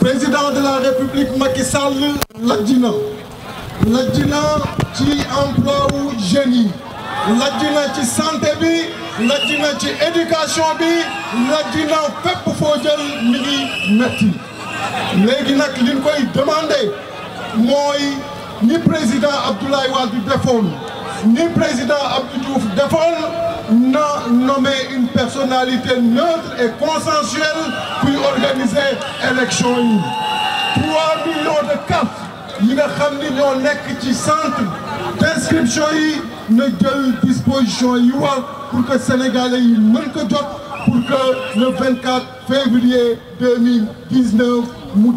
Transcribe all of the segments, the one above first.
président de la république Macky Sall lajj na lajj na ci emploi wu jeunes yi lajj na ci santé bi lajj na ci éducation bi lajj na fépp foo jël mi ngi metti léegi nag liñ koy demandé mooy ni président Abdoulaye Wade defoon ni président Abdou Diouf defoon nommer une personnalité neutre et consensuelle pour organiser l'élection. 3 millions de cartes il y a 3 ñoo centre d'inscription yi ne disposition pour que sénégalais yi ko pour que le 24 février 2019 nous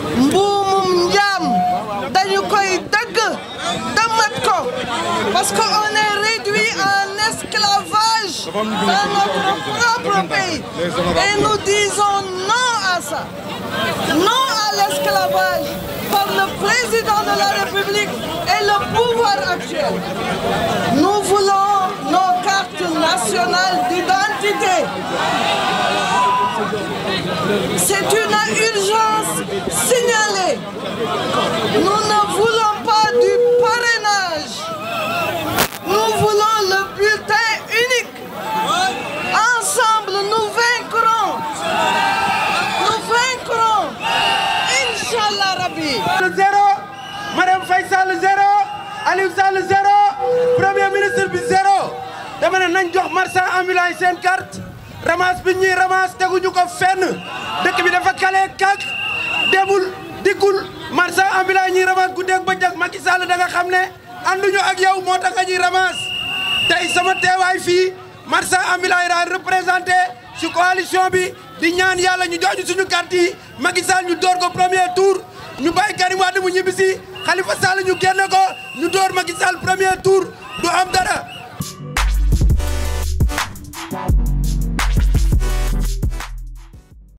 Mboumoumdiam, parce qu'on est réduit en esclavage dans notre propre pays et nous disons non à ça non à l'esclavage par le président de la République et le pouvoir actuel nous voulons nos cartes nationales d'identité incha allah zéro madame zéro Aliou ministre bi zéro dama ne nañ jox marchand ambulant yi seen carte ramasse bi ñuy ramasse teguñu ko fenn dëkk bi dafa kale kàgg demul dikkul marchand ambulant yi ñuy ramasse guddeeg bëccëg Macky Sall da nga xam ne anduñu ak yow moo tax nga ñuy tey sama teewaay fii marchand ambulant yi daal représenté ci coalition bi. di ñaan yàlla ñu jox ñu suñu carte yi Macky Sall ñu door ko premier tour ñu bàyyi Karim Wade mu ñibbisi Khalifa Sall ñu génne ko ñu door Macky Sall premier tour am dara.